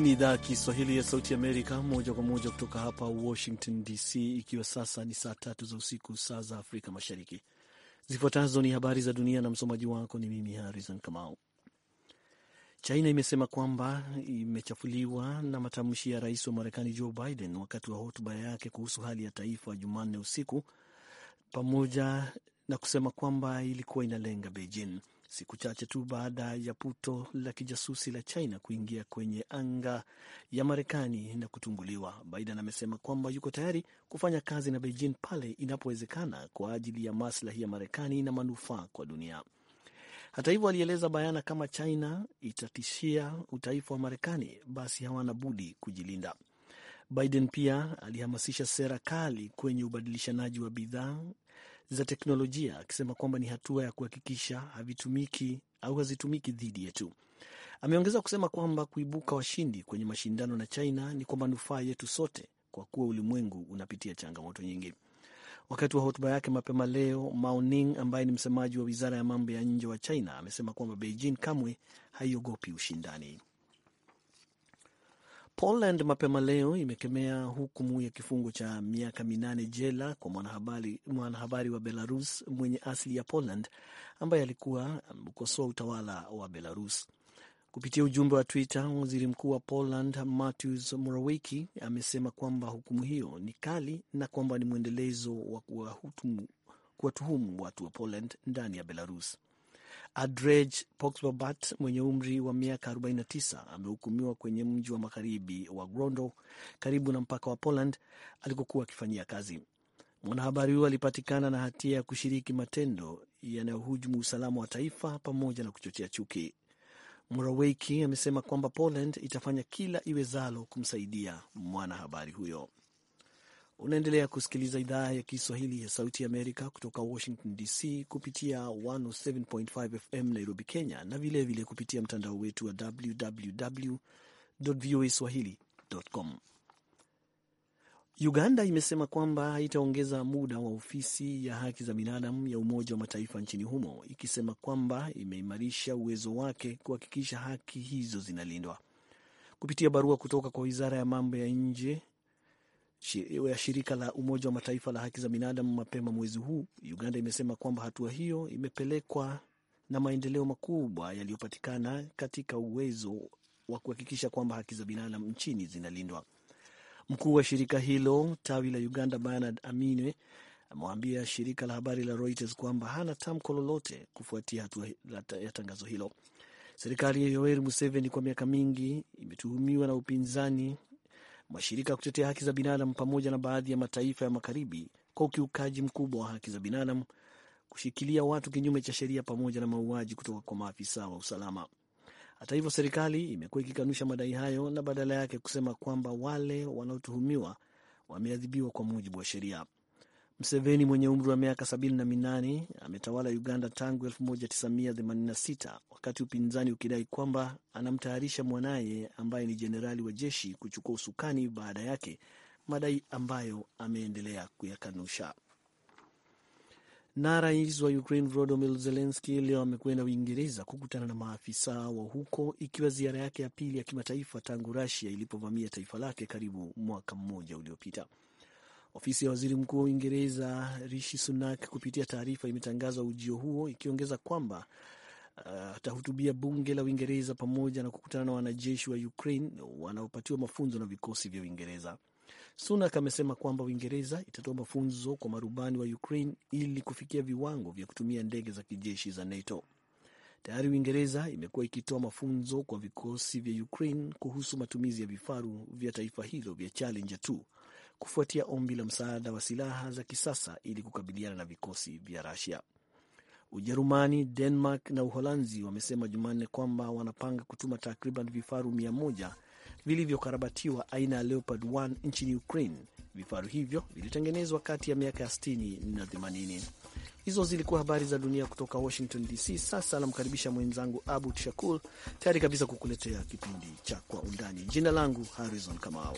Hii ni idhaa ya Kiswahili ya Sauti Amerika, moja kwa moja kutoka hapa Washington DC, ikiwa sasa ni saa tatu za usiku, saa za Afrika Mashariki. Zifuatazo ni habari za dunia, na msomaji wako ni mimi Harrison Kamau. China imesema kwamba imechafuliwa na matamshi ya rais wa Marekani Joe Biden wakati wa hotuba yake kuhusu hali ya taifa Jumanne usiku, pamoja na kusema kwamba ilikuwa inalenga Beijing siku chache tu baada ya puto la kijasusi la China kuingia kwenye anga ya Marekani na kutunguliwa. Biden amesema kwamba yuko tayari kufanya kazi na Beijing pale inapowezekana kwa ajili ya maslahi ya Marekani na manufaa kwa dunia. Hata hivyo, alieleza bayana kama China itatishia utaifa wa Marekani, basi hawana budi kujilinda. Biden pia alihamasisha sera kali kwenye ubadilishanaji wa bidhaa za teknolojia, akisema kwamba ni hatua ya kuhakikisha havitumiki au hazitumiki dhidi yetu. Ameongeza kusema kwamba kuibuka washindi kwenye mashindano na China ni kwa manufaa yetu sote, kwa kuwa ulimwengu unapitia changamoto nyingi. Wakati wa hotuba yake mapema leo, Mao Ning ambaye ni msemaji wa wizara ya mambo ya nje wa China amesema kwamba Beijing kamwe haiogopi ushindani. Poland mapema leo imekemea hukumu ya kifungo cha miaka minane jela kwa mwanahabari, mwanahabari wa Belarus mwenye asili ya Poland ambaye alikuwa amekosoa utawala wa Belarus. Kupitia ujumbe wa Twitter, waziri mkuu wa Poland Mateusz Morawiecki amesema kwamba hukumu hiyo ni kali na kwamba ni mwendelezo wa kuwatuhumu watu wa Poland ndani ya Belarus. Adrej poxbobat mwenye umri wa miaka 49 amehukumiwa kwenye mji wa magharibi wa Grondo karibu na mpaka wa Poland alikokuwa akifanyia kazi. Mwanahabari huyo alipatikana na hatia ya kushiriki matendo yanayohujumu usalama wa taifa pamoja na kuchochea chuki. mrawaki amesema kwamba Poland itafanya kila iwezalo kumsaidia mwanahabari huyo. Unaendelea kusikiliza idhaa ya Kiswahili ya Sauti Amerika kutoka Washington DC kupitia 107.5 FM Nairobi, Kenya, na vilevile vile kupitia mtandao wetu wa www voa swahili.com. Uganda imesema kwamba haitaongeza muda wa ofisi ya haki za binadamu ya Umoja wa Mataifa nchini humo, ikisema kwamba imeimarisha uwezo wake kuhakikisha haki hizo zinalindwa. Kupitia barua kutoka kwa wizara ya mambo ya nje ya shirika la Umoja wa Mataifa la haki za binadamu mapema mwezi huu, Uganda imesema kwamba hatua hiyo imepelekwa na maendeleo makubwa yaliyopatikana katika uwezo wa kuhakikisha kwamba haki za binadamu nchini zinalindwa. Mkuu wa shirika hilo tawi la Uganda, Bernard Amine, amewaambia shirika la habari la Reuters kwamba hana tamko lolote kufuatia hatua ya tangazo hilo. Serikali ya Yoweri Museveni kwa miaka mingi imetuhumiwa na upinzani mashirika ya kutetea haki za binadamu pamoja na baadhi ya mataifa ya magharibi kwa ukiukaji mkubwa wa haki za binadamu, kushikilia watu kinyume cha sheria pamoja na mauaji kutoka kwa maafisa wa usalama. Hata hivyo, serikali imekuwa ikikanusha madai hayo na badala yake kusema kwamba wale wanaotuhumiwa wameadhibiwa kwa mujibu wa sheria. Mseveni mwenye umri wa miaka 78 ametawala Uganda tangu 1986 wakati upinzani ukidai kwamba anamtayarisha mwanaye ambaye ni jenerali wa jeshi kuchukua usukani baada yake, madai ambayo ameendelea kuyakanusha. Na rais wa Ukraine Volodymyr Zelensky leo amekwenda Uingereza kukutana na maafisa wa huko, ikiwa ziara yake ya pili ya kimataifa tangu Russia ilipovamia taifa lake karibu mwaka mmoja uliopita. Ofisi ya waziri mkuu wa Uingereza Rishi Sunak kupitia taarifa imetangaza ujio huo ikiongeza kwamba uh, atahutubia uh, bunge la Uingereza pamoja na kukutana na wanajeshi wa Ukraine wanaopatiwa mafunzo na vikosi vya Uingereza. Sunak amesema kwamba Uingereza itatoa mafunzo kwa marubani wa Ukraine ili kufikia viwango vya kutumia ndege za kijeshi za NATO. Tayari Uingereza imekuwa ikitoa mafunzo kwa vikosi vya Ukraine kuhusu matumizi ya vifaru vya taifa hilo vya Challenger t kufuatia ombi la msaada wa silaha za kisasa ili kukabiliana na vikosi vya Rusia. Ujerumani, Denmark na Uholanzi wamesema Jumanne kwamba wanapanga kutuma takriban vifaru mia moja vilivyokarabatiwa aina ya Leopard 1 nchini Ukraine. Vifaru hivyo vilitengenezwa kati ya miaka ya 60 na 80. Hizo zilikuwa habari za dunia kutoka Washington DC. Sasa anamkaribisha mwenzangu Abud Shakur, tayari kabisa kukuletea kipindi cha Kwa Undani. Jina langu Harrison Kamau.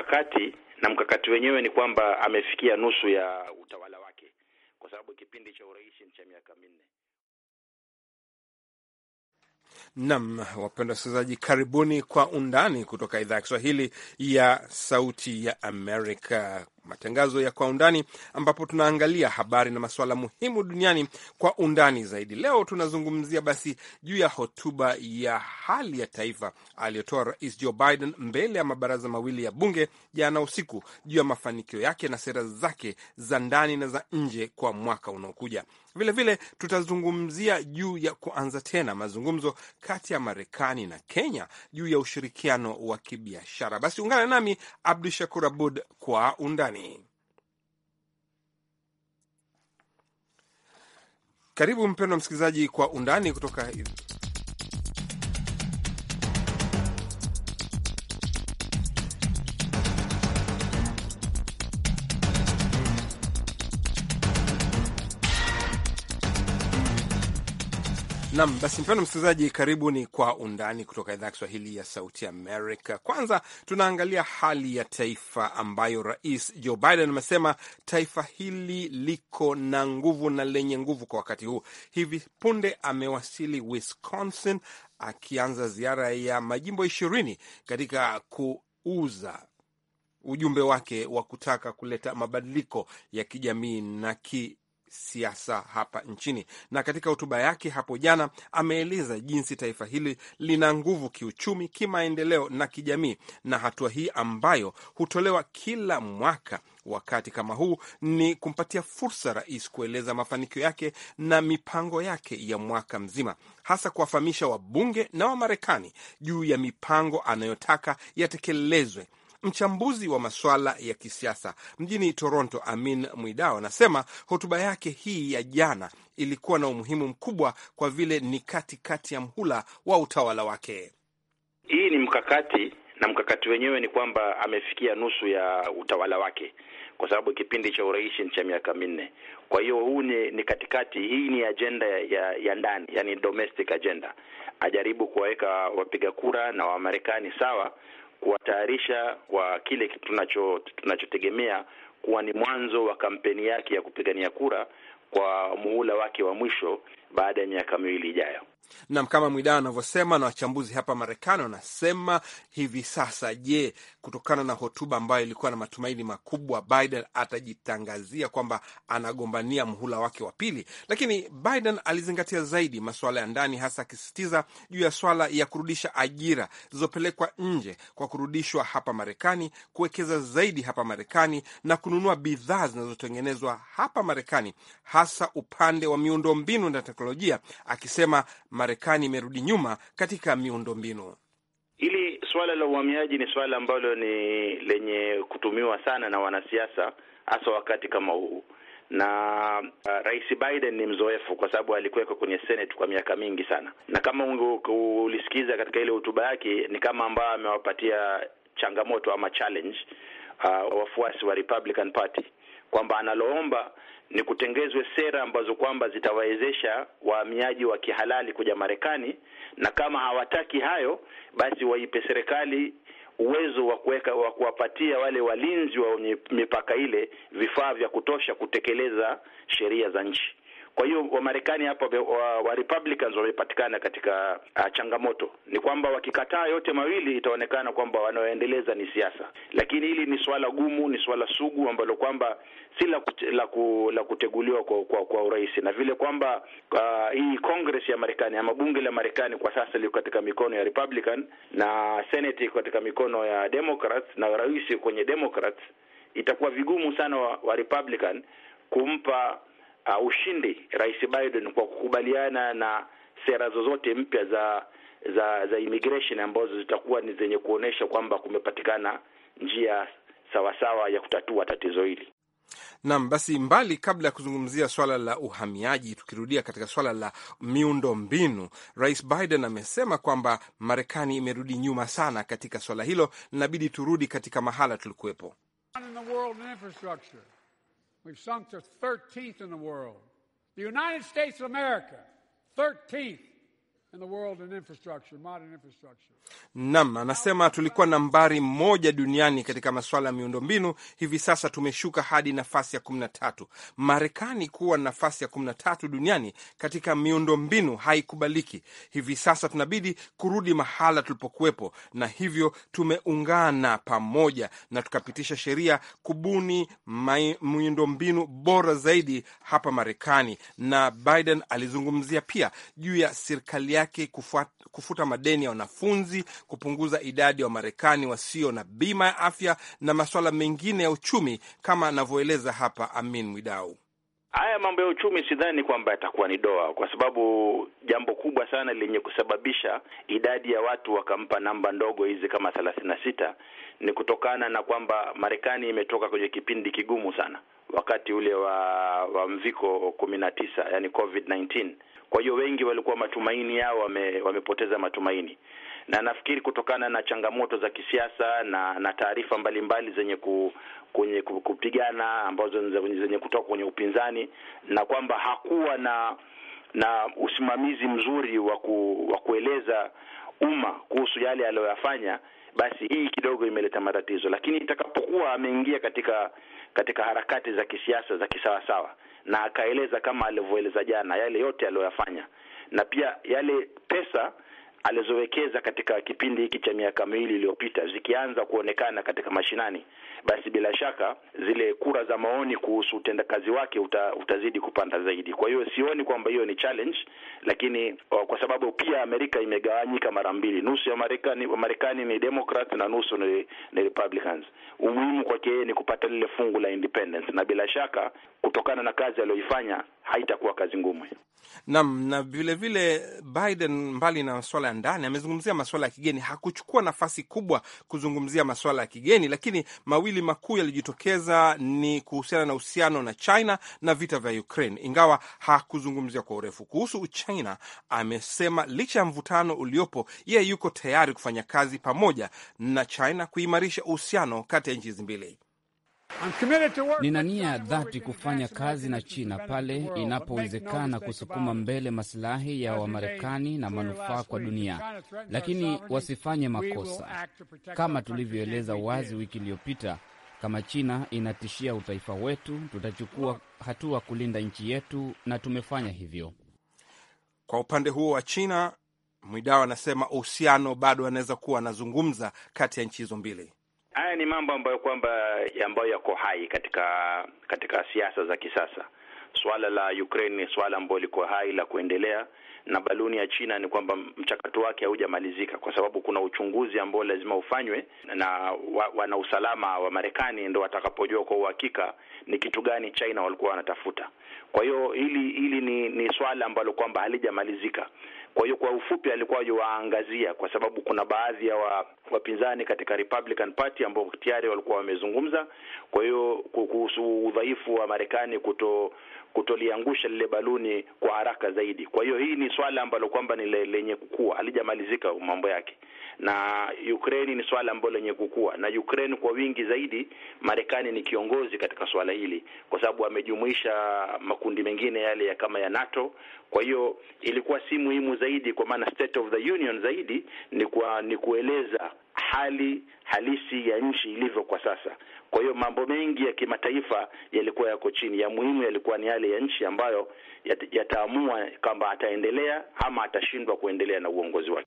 mkakati na mkakati wenyewe ni kwamba amefikia nusu ya utawala wake, kwa sababu kipindi cha urais ni cha miaka minne. Nam, wapendwa wasikilizaji, karibuni kwa undani kutoka idhaa ya Kiswahili ya Sauti ya Amerika matangazo ya Kwa Undani, ambapo tunaangalia habari na masuala muhimu duniani kwa undani zaidi. Leo tunazungumzia basi juu ya hotuba ya hali ya taifa aliyotoa Rais Joe Biden mbele ya mabaraza mawili ya bunge jana usiku juu ya mafanikio yake na sera zake za ndani na za nje kwa mwaka unaokuja. Vilevile tutazungumzia juu ya kuanza tena mazungumzo kati ya Marekani na Kenya juu ya ushirikiano wa kibiashara. Basi ungana nami Abdu Shakur Abud kwa undani. Marekani. Karibu mpendwa msikilizaji, kwa undani kutoka Nam basi, mpendo msikilizaji, karibu ni kwa undani kutoka idhaa ya Kiswahili ya Sauti Amerika. Kwanza tunaangalia hali ya taifa ambayo Rais Joe Biden amesema taifa hili liko na nguvu na lenye nguvu kwa wakati huu. Hivi punde amewasili Wisconsin, akianza ziara ya majimbo ishirini katika kuuza ujumbe wake wa kutaka kuleta mabadiliko ya kijamii na ki siasa hapa nchini. Na katika hotuba yake hapo jana, ameeleza jinsi taifa hili lina nguvu kiuchumi, kimaendeleo na kijamii, na hatua hii ambayo hutolewa kila mwaka wakati kama huu ni kumpatia fursa rais kueleza mafanikio yake na mipango yake ya mwaka mzima, hasa kuwafahamisha wabunge na Wamarekani juu ya mipango anayotaka yatekelezwe Mchambuzi wa maswala ya kisiasa mjini Toronto, Amin Mwidao, anasema hotuba yake hii ya jana ilikuwa na umuhimu mkubwa kwa vile ni katikati kati ya mhula wa utawala wake. Hii ni mkakati na mkakati wenyewe ni kwamba amefikia nusu ya utawala wake, kwa sababu kipindi cha urais ni cha miaka minne. Kwa hiyo huu ni, ni katikati. Hii ni ajenda ya, ya ndani, yani domestic agenda, ajaribu kuwaweka wapiga kura na Wamarekani sawa kuwatayarisha kwa kile tunacho tunachotegemea kuwa ni mwanzo wa kampeni yake ya kupigania kura kwa muhula wake wa mwisho baada ya miaka miwili ijayo. Nam, kama Mwidaa anavyosema na wachambuzi hapa Marekani wanasema hivi sasa. Je, kutokana na hotuba ambayo ilikuwa na matumaini makubwa, Biden atajitangazia kwamba anagombania mhula wake wa pili, lakini Biden alizingatia zaidi masuala ya ndani, hasa akisisitiza juu ya swala ya kurudisha ajira zilizopelekwa nje kwa kurudishwa hapa Marekani, kuwekeza zaidi hapa Marekani na kununua bidhaa zinazotengenezwa hapa Marekani, hasa upande wa miundombinu na teknolojia, akisema Marekani imerudi nyuma katika miundo mbinu Hili suala la uhamiaji ni suala ambalo ni lenye kutumiwa sana na wanasiasa, hasa wakati kama huu na uh, Rais Biden ni mzoefu kwa sababu alikuwekwa kwenye Senate kwa miaka mingi sana, na kama ulisikiza katika ile hotuba yake ni kama ambayo amewapatia changamoto ama challenge uh, wafuasi wa Republican Party kwamba analoomba ni kutengezwe sera ambazo kwamba zitawawezesha wahamiaji wa kihalali kuja Marekani, na kama hawataki hayo, basi waipe serikali uwezo wa kuweka wa kuwapatia wale walinzi wa mipaka ile vifaa vya kutosha kutekeleza sheria za nchi. Kwa hiyo Wamarekani hapa wa, wa Republicans wamepatikana katika uh, changamoto ni kwamba wakikataa yote mawili itaonekana kwamba wanaoendeleza ni siasa, lakini hili ni swala gumu, ni swala sugu ambalo kwamba si la, la, la kuteguliwa kwa, kwa, kwa urahisi na vile kwamba uh, hii Congress ya Marekani ama bunge la Marekani kwa sasa liko katika mikono ya Republican na Senate iko katika mikono ya Democrats na rais kwenye Democrats, itakuwa vigumu sana wa, wa Republican kumpa uh, ushindi Rais Biden kwa kukubaliana na sera zozote mpya za za za immigration ambazo zitakuwa ni zenye kuonyesha kwamba kumepatikana njia sawasawa ya kutatua tatizo hili. Naam, basi mbali, kabla ya kuzungumzia swala la uhamiaji, tukirudia katika swala la miundo mbinu, Rais Biden amesema kwamba Marekani imerudi nyuma sana katika swala hilo, linabidi turudi katika mahala tulikuwepo. We've sunk to 13th in the world. The United States of America, 13th. Nam anasema tulikuwa nambari moja duniani katika masuala ya miundombinu, hivi sasa tumeshuka hadi nafasi ya kumi na tatu. Marekani kuwa nafasi ya kumi na tatu duniani katika miundombinu haikubaliki. Hivi sasa tunabidi kurudi mahala tulipokuwepo, na hivyo tumeungana pamoja na tukapitisha sheria kubuni miundombinu bora zaidi hapa Marekani. Na Biden alizungumzia pia juu ya serikali yake kufuta madeni ya wanafunzi, kupunguza idadi ya Wamarekani wasio na bima ya afya na masuala mengine ya uchumi, kama anavyoeleza hapa Amin Mwidau. Haya mambo ya uchumi sidhani kwamba yatakuwa ni doa, kwa sababu jambo kubwa sana lenye kusababisha idadi ya watu wakampa namba ndogo hizi kama thelathini na sita ni kutokana na kwamba Marekani imetoka kwenye kipindi kigumu sana wakati ule wa, wa mviko kumi na tisa, yani COVID-19 kwa hiyo wengi walikuwa matumaini yao wame, wamepoteza matumaini, na nafikiri kutokana na changamoto za kisiasa na na taarifa mbalimbali zenye ku, kwenye kupigana ambazo zenye kutoka kwenye upinzani na kwamba hakuwa na na usimamizi mzuri wa waku, kueleza umma kuhusu yale aliyoyafanya, basi hii kidogo imeleta matatizo, lakini itakapokuwa ameingia katika katika harakati za kisiasa za kisawasawa na akaeleza kama alivyoeleza jana yale yote aliyoyafanya, na pia yale pesa alizowekeza katika kipindi hiki cha miaka miwili iliyopita zikianza kuonekana katika mashinani, basi bila shaka zile kura za maoni kuhusu utendakazi wake uta, utazidi kupanda zaidi. Kwa hiyo sioni kwamba hiyo ni challenge, lakini uh, kwa sababu pia Amerika imegawanyika mara mbili, nusu ya Marekani Marekani ni Democrat na nusu ni, ni Republicans. Umuhimu kwake yeye ni kupata lile fungu la independence, na bila shaka kutokana na kazi aliyoifanya haitakuwa kazi ngumu. Naam, na vile vile Biden, mbali na masuala ya ndani, amezungumzia masuala ya kigeni. Hakuchukua nafasi kubwa kuzungumzia masuala ya kigeni, lakini mawili makuu yalijitokeza ni kuhusiana na uhusiano na China na vita vya Ukraine, ingawa hakuzungumzia kwa urefu kuhusu China. Amesema licha ya mvutano uliopo, yeye yuko tayari kufanya kazi pamoja na China kuimarisha uhusiano kati ya nchi hizi mbili. Nina nia ya dhati kufanya kazi na China pale inapowezekana kusukuma mbele masilahi ya Wamarekani na manufaa kwa dunia, lakini wasifanye makosa. Kama tulivyoeleza wazi wiki iliyopita, kama China inatishia utaifa wetu, tutachukua hatua kulinda nchi yetu, na tumefanya hivyo. Kwa upande huo wa China, Mwidao anasema uhusiano bado anaweza kuwa anazungumza kati ya nchi hizo mbili. Haya ni mambo ambayo kwamba ambayo yako hai katika katika siasa za kisasa. suala la Ukraine ni suala ambayo liko hai la kuendelea, na baluni ya China ni kwamba mchakato wake haujamalizika, kwa sababu kuna uchunguzi ambao lazima ufanywe na wana usalama wa Marekani, ndo watakapojua kwa uhakika ni kitu gani China walikuwa wanatafuta. Kwa hiyo hili hili ni, ni swala ambalo kwamba halijamalizika. Kwa hiyo kwa ufupi, alikuwa yuwaangazia kwa sababu kuna baadhi ya wa, wapinzani katika Republican Party ambao tayari walikuwa wamezungumza, kwa hiyo kuhusu udhaifu wa Marekani kuto kutoliangusha lile baluni kwa haraka zaidi. Kwa hiyo hii ni swala ambalo kwamba ni lenye kukua, halijamalizika mambo yake na Ukraine ni swala ambalo lenye kukua, na Ukraine kwa wingi zaidi, Marekani ni kiongozi katika swala hili, kwa sababu amejumuisha makundi mengine yale ya kama ya NATO. Kwa hiyo ilikuwa si muhimu zaidi, kwa maana state of the union zaidi ni kwa ni kueleza hali halisi ya nchi ilivyo kwa sasa. Kwa hiyo mambo mengi ya kimataifa yalikuwa yako chini, ya muhimu yalikuwa ni yale ya nchi ambayo yataamua kwamba ataendelea ama atashindwa kuendelea na uongozi wake.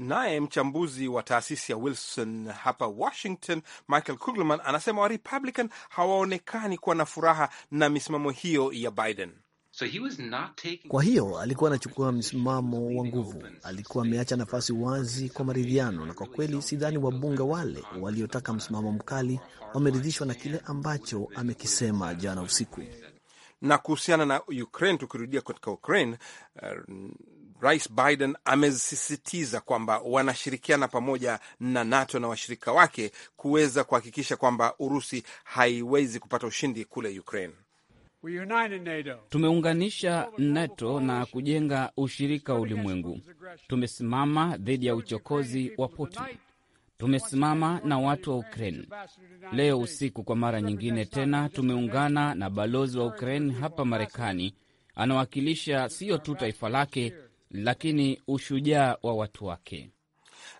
Naye mchambuzi wa taasisi ya Wilson hapa Washington, Michael Kugelman, anasema Warepublican hawaonekani kuwa na furaha na misimamo hiyo ya Biden. So he was not taking... Kwa hiyo alikuwa anachukua msimamo wa nguvu, alikuwa ameacha nafasi wazi kwa maridhiano, na kwa kweli sidhani wabunge wale waliotaka msimamo mkali wameridhishwa na kile ambacho amekisema jana usiku. Na kuhusiana na Ukraine, tukirudia katika Ukraine uh, Rais Biden amesisitiza kwamba wanashirikiana pamoja na NATO na washirika wake kuweza kuhakikisha kwamba Urusi haiwezi kupata ushindi kule Ukraine. Tumeunganisha NATO na kujenga ushirika wa ulimwengu. Tumesimama dhidi ya uchokozi wa Putin. Tumesimama na watu wa Ukraine. Leo usiku, kwa mara nyingine tena, tumeungana na balozi wa Ukraine hapa Marekani. Anawakilisha siyo tu taifa lake lakini ushujaa wa watu wake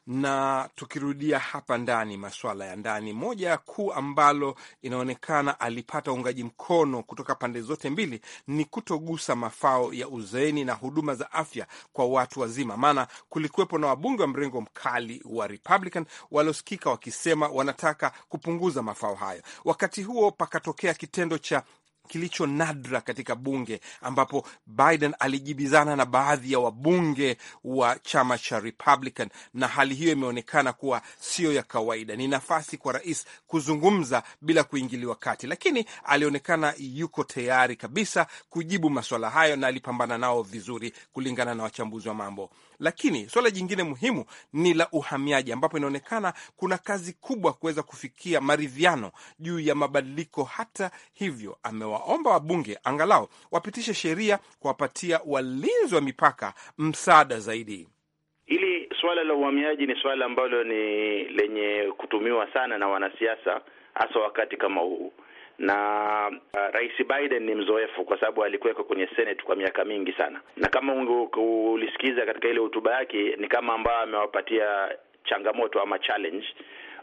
na tukirudia hapa ndani, masuala ya ndani, moja ya kuu ambalo inaonekana alipata uungaji mkono kutoka pande zote mbili ni kutogusa mafao ya uzeeni na huduma za afya kwa watu wazima. Maana kulikuwepo na wabunge wa mrengo mkali wa Republican waliosikika wakisema wanataka kupunguza mafao hayo. Wakati huo pakatokea kitendo cha kilicho nadra katika bunge ambapo Biden alijibizana na baadhi ya wabunge wa chama cha Republican, na hali hiyo imeonekana kuwa siyo ya kawaida. Ni nafasi kwa rais kuzungumza bila kuingiliwa kati, lakini alionekana yuko tayari kabisa kujibu maswala hayo na alipambana nao vizuri, kulingana na wachambuzi wa mambo. Lakini swala jingine muhimu ni la uhamiaji, ambapo inaonekana kuna kazi kubwa kuweza kufikia maridhiano juu ya mabadiliko. Hata hivyo amewa kuwaomba wabunge angalau wapitishe sheria kuwapatia walinzi wa mipaka msaada zaidi. Hili suala la uhamiaji ni suala ambalo ni lenye kutumiwa sana na wanasiasa, hasa wakati kama huu na uh, Rais Biden ni mzoefu kwa sababu alikuwekwa kwenye Senate kwa miaka mingi sana, na kama ulisikiza katika ile hotuba yake ni kama ambayo amewapatia changamoto ama challenge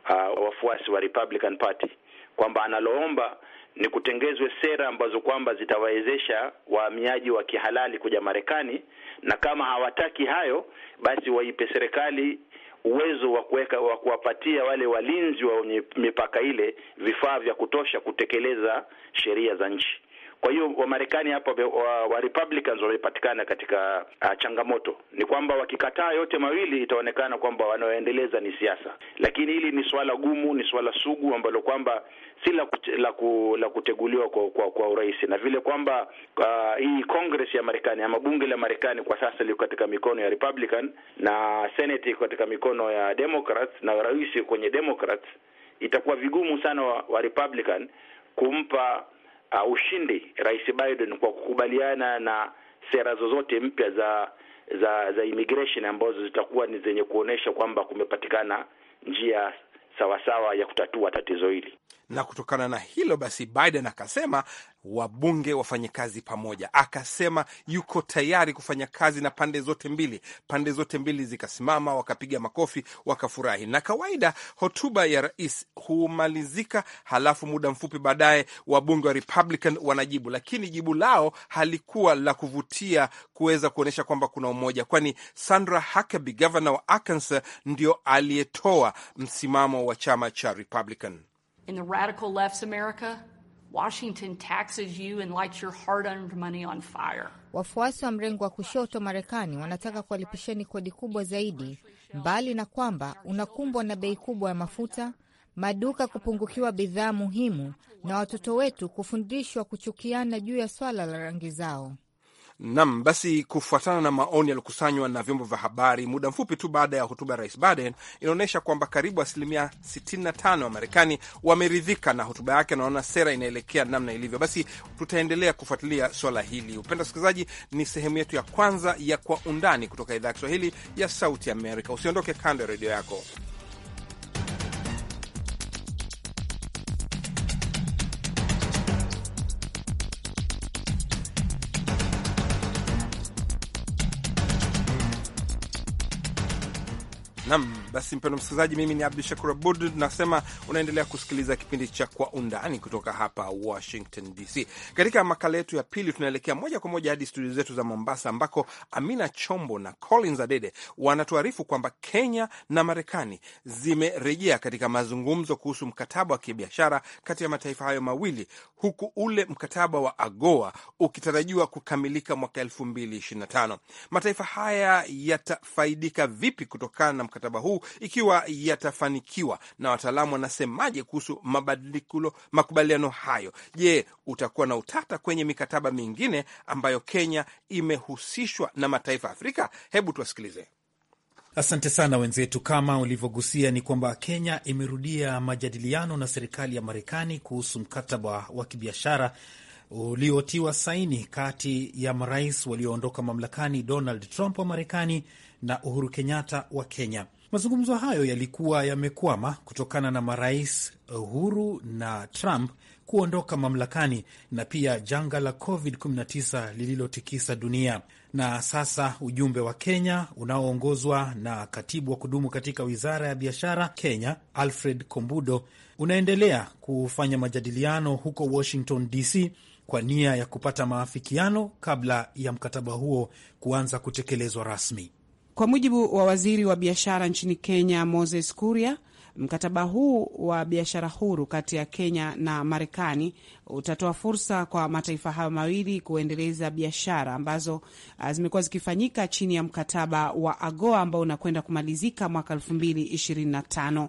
uh, wafuasi wa Republican Party kwamba analoomba ni kutengezwe sera ambazo kwamba zitawawezesha wahamiaji wa kihalali kuja Marekani, na kama hawataki hayo, basi waipe serikali uwezo wa kuweka wa kuwapatia wale walinzi wa mipaka ile vifaa vya kutosha kutekeleza sheria za nchi. Kwa hiyo Wamarekani hapa wa, wa Republicans wamepatikana katika uh, changamoto ni kwamba wakikataa yote mawili itaonekana kwamba wanaoendeleza ni siasa, lakini hili ni swala gumu, ni swala sugu ambalo kwamba si la, la, la kuteguliwa kwa, kwa, kwa urahisi na vile kwamba uh, hii Congress ya Marekani ama bunge la Marekani kwa sasa liko katika mikono ya Republican na Senate iko katika mikono ya Democrats na rais kwenye Democrats, itakuwa vigumu sana wa, wa Republican kumpa uh, ushindi Rais Biden kwa kukubaliana na sera zozote mpya za za za immigration ambazo zitakuwa ni zenye kuonesha kwamba kumepatikana njia sawasawa ya kutatua tatizo hili na kutokana na hilo basi, Biden akasema wabunge wafanye kazi pamoja, akasema yuko tayari kufanya kazi na pande zote mbili. Pande zote mbili zikasimama, wakapiga makofi, wakafurahi. Na kawaida hotuba ya rais humalizika, halafu muda mfupi baadaye wabunge wa Republican wanajibu, lakini jibu lao halikuwa la kuvutia kuweza kuonyesha kwamba kuna umoja, kwani Sandra Huckabee, gavana wa Arkansas, ndio aliyetoa msimamo wa chama cha Republican in the radical left's America, Washington taxes you and lights your hard-earned money on fire. Wafuasi wa mrengo wa kushoto Marekani wanataka kuwalipisheni kodi kubwa zaidi, mbali na kwamba unakumbwa na bei kubwa ya mafuta, maduka kupungukiwa bidhaa muhimu, na watoto wetu kufundishwa kuchukiana juu ya swala la rangi zao. Nam, basi kufuatana na maoni yaliokusanywa na vyombo vya habari muda mfupi tu baada ya hotuba ya rais Biden, inaonyesha kwamba karibu asilimia 65 wa Marekani wameridhika na hotuba yake na wanaona sera inaelekea namna ilivyo. Basi tutaendelea kufuatilia swala hili. Upenda wasikilizaji, ni sehemu yetu ya kwanza ya Kwa Undani kutoka idhaa ya Kiswahili ya Sauti Amerika. Usiondoke kando ya redio yako. Nam basi, mpendo msikilizaji, mimi ni Abdu Shakur Abud nasema unaendelea kusikiliza kipindi cha Kwa Undani kutoka hapa Washington DC. Katika makala yetu ya pili, tunaelekea moja kwa moja hadi studio zetu za Mombasa, ambako Amina Chombo na Collins Adede wanatuarifu kwamba Kenya na Marekani zimerejea katika mazungumzo kuhusu mkataba wa kibiashara kati ya mataifa hayo mawili, huku ule mkataba wa AGOA ukitarajiwa kukamilika mwaka el225 Mataifa haya yatafaidika vipi kutokana na mkataba huu ikiwa yatafanikiwa, na wataalamu wanasemaje kuhusu mabadiliko makubaliano hayo? Je, utakuwa na utata kwenye mikataba mingine ambayo Kenya imehusishwa na mataifa ya Afrika? Hebu tuwasikilize. Asante sana wenzetu. Kama ulivyogusia, ni kwamba Kenya imerudia majadiliano na serikali ya Marekani kuhusu mkataba wa kibiashara uliotiwa saini kati ya marais walioondoka mamlakani Donald Trump wa Marekani na Uhuru Kenyatta wa Kenya. Mazungumzo hayo yalikuwa yamekwama kutokana na marais Uhuru na Trump kuondoka mamlakani na pia janga la COVID-19 lililotikisa dunia. Na sasa ujumbe wa Kenya unaoongozwa na katibu wa kudumu katika wizara ya biashara Kenya, Alfred Kombudo, unaendelea kufanya majadiliano huko Washington DC kwa nia ya kupata maafikiano kabla ya mkataba huo kuanza kutekelezwa rasmi. Kwa mujibu wa waziri wa biashara nchini Kenya, Moses Kuria, mkataba huu wa biashara huru kati ya Kenya na Marekani utatoa fursa kwa mataifa hayo mawili kuendeleza biashara ambazo ah, zimekuwa zikifanyika chini ya mkataba wa AGOA ambao unakwenda kumalizika mwaka 2025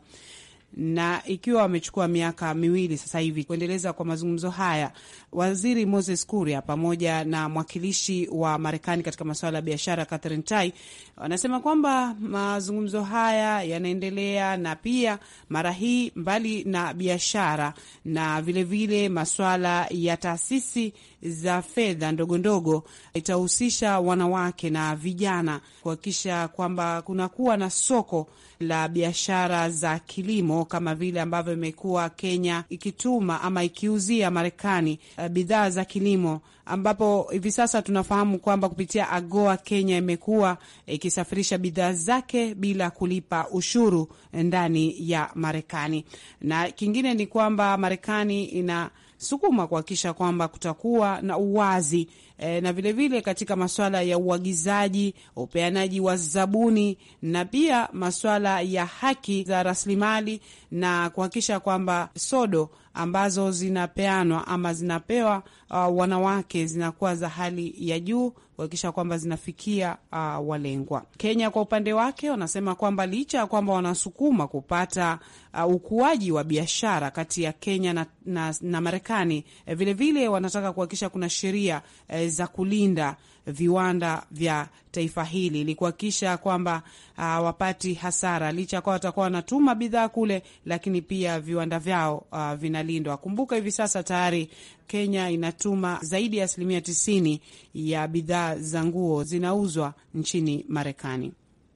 na ikiwa wamechukua miaka miwili sasa hivi kuendeleza kwa mazungumzo haya, waziri Moses Kuria pamoja na mwakilishi wa Marekani katika masuala ya biashara Catherine Tai wanasema kwamba mazungumzo haya yanaendelea, na pia mara hii mbali na biashara na vilevile vile masuala ya taasisi za fedha ndogo ndogo itahusisha wanawake na vijana kuhakikisha kwamba kunakuwa na soko la biashara za kilimo kama vile ambavyo imekuwa Kenya ikituma ama ikiuzia Marekani eh, bidhaa za kilimo, ambapo hivi sasa tunafahamu kwamba kupitia AGOA Kenya imekuwa ikisafirisha bidhaa zake bila kulipa ushuru eh, ndani ya Marekani, na kingine ni kwamba Marekani ina sukuma kuhakikisha kwamba kutakuwa na uwazi e, na vilevile vile katika maswala ya uagizaji, upeanaji wa zabuni na pia maswala ya haki za rasilimali na kuhakikisha kwamba sodo ambazo zinapeanwa ama zinapewa uh, wanawake zinakuwa za hali ya juu kuhakikisha kwamba zinafikia uh, walengwa. Kenya kwa upande wake wanasema kwamba licha ya kwamba wanasukuma kupata uh, ukuaji wa biashara kati ya Kenya na, na, na Marekani vilevile eh, vile wanataka kuhakikisha kuna sheria uh, za kulinda viwanda vya taifa hili ili kuhakikisha kwamba uh, ah, wapati hasara licha ya kwa watakuwa wanatuma bidhaa kule, lakini pia viwanda vyao uh, vinalindwa. Kumbuka hivi sasa tayari Kenya inatuma zaidi ya asilimia tisini ya bidhaa za nguo zinauzwa nchini Marekani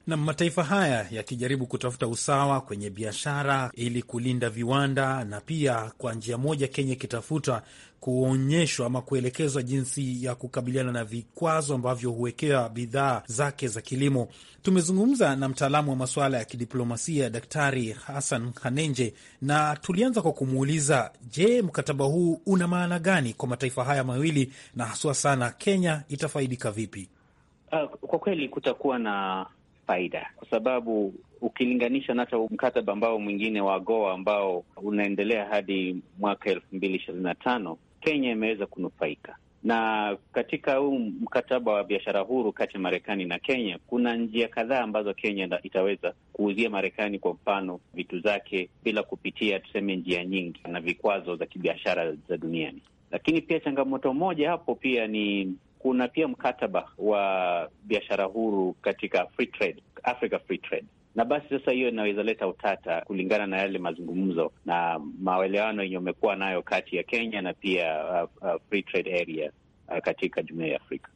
na mataifa haya yakijaribu kutafuta usawa kwenye biashara ili kulinda viwanda na pia kwa njia moja Kenya ikitafuta kuonyeshwa ama kuelekezwa jinsi ya kukabiliana na vikwazo ambavyo huwekewa bidhaa zake za kilimo. Tumezungumza na mtaalamu wa masuala ya kidiplomasia Daktari Hassan Hanenje na tulianza kwa kumuuliza, je, mkataba huu una maana gani kwa mataifa haya mawili na haswa sana Kenya itafaidika vipi? Uh, kwa kweli kutakuwa na faida kwa sababu ukilinganisha na hata mkataba ambao mwingine wa AGOA ambao unaendelea hadi mwaka elfu mbili ishirini na tano Kenya imeweza kunufaika na katika huu mkataba wa biashara huru kati ya Marekani na Kenya kuna njia kadhaa ambazo Kenya itaweza kuuzia Marekani kwa mfano vitu zake bila kupitia tuseme njia nyingi na vikwazo za kibiashara za duniani. Lakini pia changamoto moja hapo pia ni kuna pia mkataba wa biashara huru katika free trade, Africa Free Trade na basi sasa hiyo inaweza leta utata kulingana na yale mazungumzo na maelewano yenye umekuwa nayo kati ya Kenya na pia uh, uh, free trade area uh, katika jumuiya ya Afrika.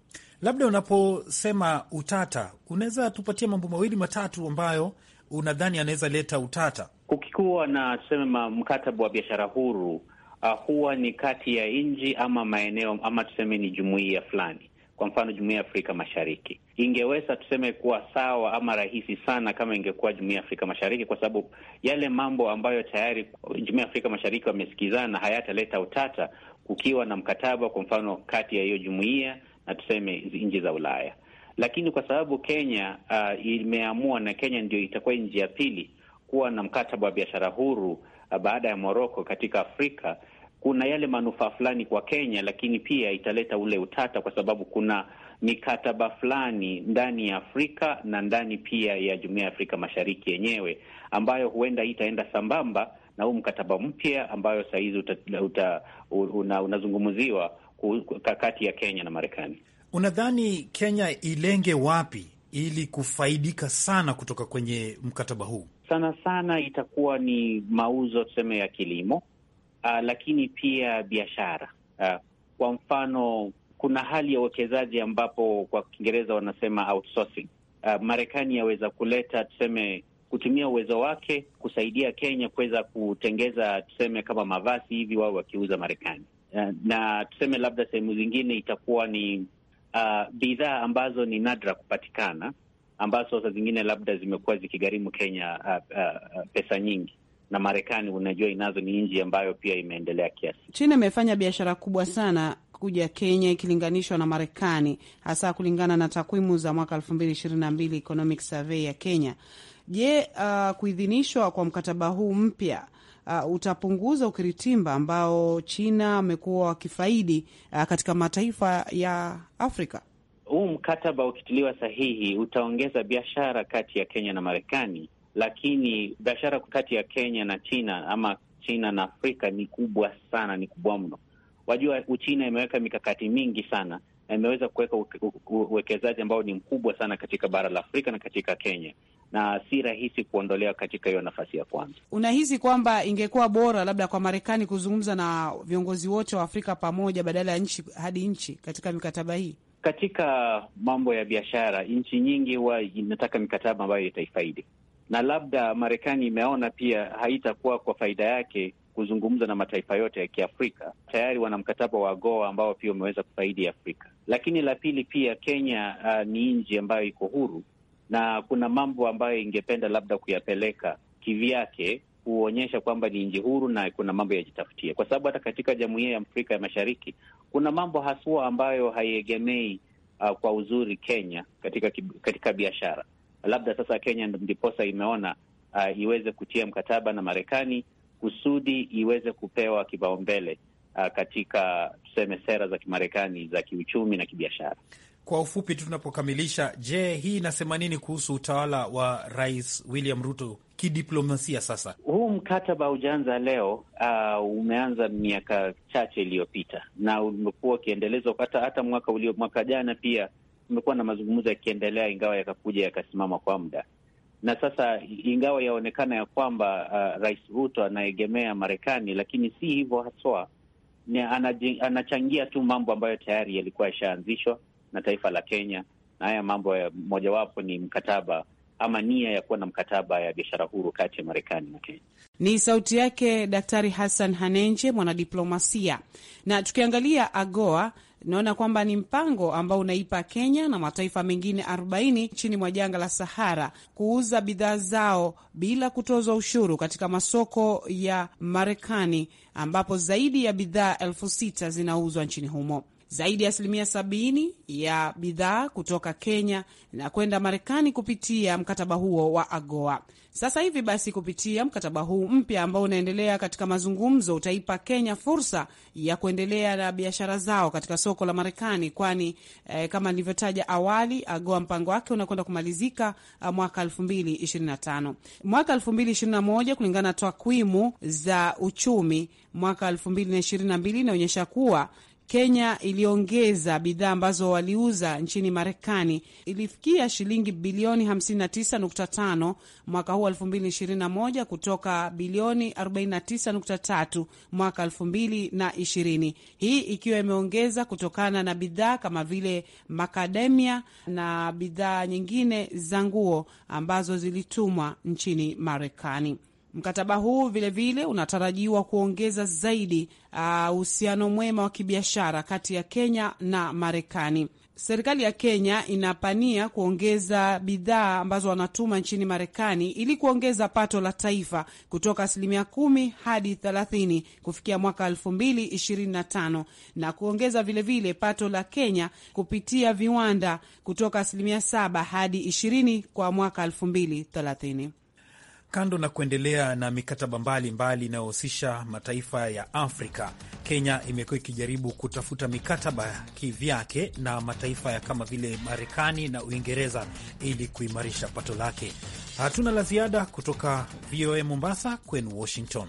Labda unaposema utata, unaweza tupatia mambo mawili matatu ambayo unadhani anaweza leta utata? Kukikuwa na sema mkataba wa biashara huru, uh, huwa ni kati ya nchi ama maeneo ama tuseme ni jumuiya fulani kwa mfano jumuiya ya Afrika Mashariki. Ingeweza tuseme kuwa sawa ama rahisi sana kama ingekuwa jumuiya ya Afrika Mashariki, kwa sababu yale mambo ambayo tayari jumuiya ya Afrika Mashariki wamesikizana hayataleta utata kukiwa na mkataba, kwa mfano kati ya hiyo jumuiya na tuseme nchi za Ulaya. Lakini kwa sababu Kenya uh, imeamua na Kenya ndio itakuwa nchi ya pili kuwa na mkataba wa biashara huru uh, baada ya Moroko katika Afrika kuna yale manufaa fulani kwa Kenya, lakini pia italeta ule utata, kwa sababu kuna mikataba fulani ndani ya Afrika na ndani pia ya Jumuiya ya Afrika Mashariki yenyewe ambayo huenda itaenda sambamba na huu mkataba mpya ambayo sahizi una, unazungumziwa kati ya Kenya na Marekani. Unadhani Kenya ilenge wapi ili kufaidika sana kutoka kwenye mkataba huu? Sana sana itakuwa ni mauzo tuseme ya kilimo uh, lakini pia biashara uh, kwa mfano kuna hali ya uwekezaji ambapo kwa Kiingereza wanasema outsourcing. Uh, Marekani yaweza kuleta tuseme, kutumia uwezo wake kusaidia Kenya kuweza kutengeza tuseme kama mavazi hivi, wao wakiuza Marekani uh, na tuseme labda sehemu zingine itakuwa ni uh, bidhaa ambazo ni nadra kupatikana ambazo saa zingine labda zimekuwa zikigharimu Kenya uh, uh, pesa nyingi na Marekani unajua inazo ni nji ambayo pia imeendelea kiasi. China imefanya biashara kubwa sana kuja Kenya ikilinganishwa na Marekani, hasa kulingana na takwimu za mwaka mbili Economic Survey ya Kenya. Je, uh, kuidhinishwa kwa mkataba huu mpya uh, utapunguza ukiritimba ambao China amekuwa wakifaidi uh, katika mataifa ya Afrika? Huu mkataba ukitiliwa sahihi utaongeza biashara kati ya Kenya na Marekani lakini biashara kati ya Kenya na China ama China na Afrika ni kubwa sana, ni kubwa mno. Wajua, Uchina imeweka mikakati mingi sana na imeweza kuweka uwekezaji ambao ni mkubwa sana katika bara la Afrika na katika Kenya, na si rahisi kuondolewa katika hiyo nafasi ya kwanza. Unahisi kwamba ingekuwa bora labda kwa Marekani kuzungumza na viongozi wote wa Afrika pamoja badala ya nchi hadi nchi katika mikataba hii? Katika mambo ya biashara, nchi nyingi huwa inataka mikataba ambayo itaifaidi na labda Marekani imeona pia haitakuwa kwa faida yake kuzungumza na mataifa yote ya Kiafrika. Tayari wana mkataba wa AGOA ambao pia umeweza kufaidi Afrika. Lakini la pili pia, Kenya uh, ni nchi ambayo iko huru na kuna mambo ambayo ingependa labda kuyapeleka kivyake kuonyesha kwamba ni nchi huru na kuna mambo yajitafutia, kwa sababu hata katika jumuiya ya Afrika ya Mashariki kuna mambo haswa ambayo haiegemei uh, kwa uzuri Kenya katika, katika biashara labda sasa Kenya ndiposa imeona uh, iweze kutia mkataba na Marekani kusudi iweze kupewa kipaumbele uh, katika tuseme sera za Kimarekani za kiuchumi na kibiashara. Kwa ufupi tu tunapokamilisha, je, hii inasema nini kuhusu utawala wa Rais William Ruto kidiplomasia? Sasa huu mkataba ujaanza leo, uh, umeanza miaka chache iliyopita na umekuwa ukiendelezwa hata hata mwaka ulio mwaka jana pia kumekuwa na mazungumzo yakiendelea, ingawa yakakuja yakasimama kwa muda, na sasa ingawa yaonekana ya kwamba uh, Rais Ruto anaegemea Marekani, lakini si hivyo haswa. Ni anachangia tu mambo ambayo tayari yalikuwa yashaanzishwa na taifa la Kenya, na haya mambo ya mojawapo ni mkataba ama nia ya kuwa na mkataba ya biashara huru kati ya Marekani na Kenya. Ni sauti yake Daktari Hassan Hanenje, mwanadiplomasia. Na tukiangalia AGOA Naona kwamba ni mpango ambao unaipa Kenya na mataifa mengine 40 chini mwa janga la Sahara kuuza bidhaa zao bila kutozwa ushuru katika masoko ya Marekani ambapo zaidi ya bidhaa elfu sita zinauzwa nchini humo. Zaidi ya asilimia sabini ya bidhaa kutoka Kenya na kwenda Marekani kupitia mkataba huo wa AGOA. Sasa hivi basi, kupitia mkataba huu mpya ambao unaendelea katika mazungumzo, utaipa Kenya fursa ya kuendelea na biashara zao katika soko la Marekani, kwani eh, kama nilivyotaja awali, AGOA mpango wake unakwenda kumalizika eh, mwaka 2025. Mwaka 2021, kulingana na takwimu za uchumi, mwaka 2022 inaonyesha kuwa Kenya iliongeza bidhaa ambazo waliuza nchini Marekani, ilifikia shilingi bilioni 59.5 mwaka huu 2021 kutoka bilioni 49.3 mwaka 2020, hii ikiwa imeongeza kutokana na bidhaa kama vile makademia na bidhaa nyingine za nguo ambazo zilitumwa nchini Marekani. Mkataba huu vilevile vile unatarajiwa kuongeza zaidi uh, uhusiano mwema wa kibiashara kati ya Kenya na Marekani. Serikali ya Kenya inapania kuongeza bidhaa ambazo wanatuma nchini Marekani ili kuongeza pato la taifa kutoka asilimia kumi hadi thelathini kufikia mwaka elfu mbili ishirini na tano na kuongeza vilevile vile pato la Kenya kupitia viwanda kutoka asilimia saba hadi ishirini kwa mwaka elfu mbili thelathini kando na kuendelea na mikataba mbalimbali inayohusisha mataifa ya Afrika, Kenya imekuwa ikijaribu kutafuta mikataba kivyake na mataifa ya kama vile Marekani na Uingereza ili kuimarisha pato lake. Hatuna la ziada kutoka VOA Mombasa, kwenu Washington.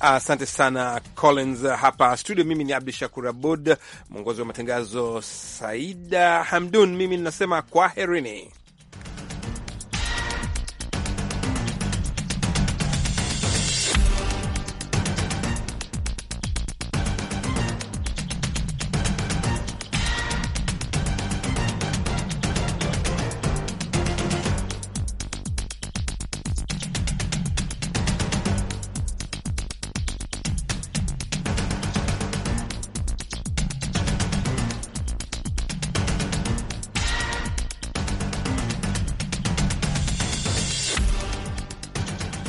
Asante sana Collins. Hapa studio, mimi ni Abdu Shakur Abud, mwongozi wa matangazo Saida Hamdun, mimi ninasema kwaherini.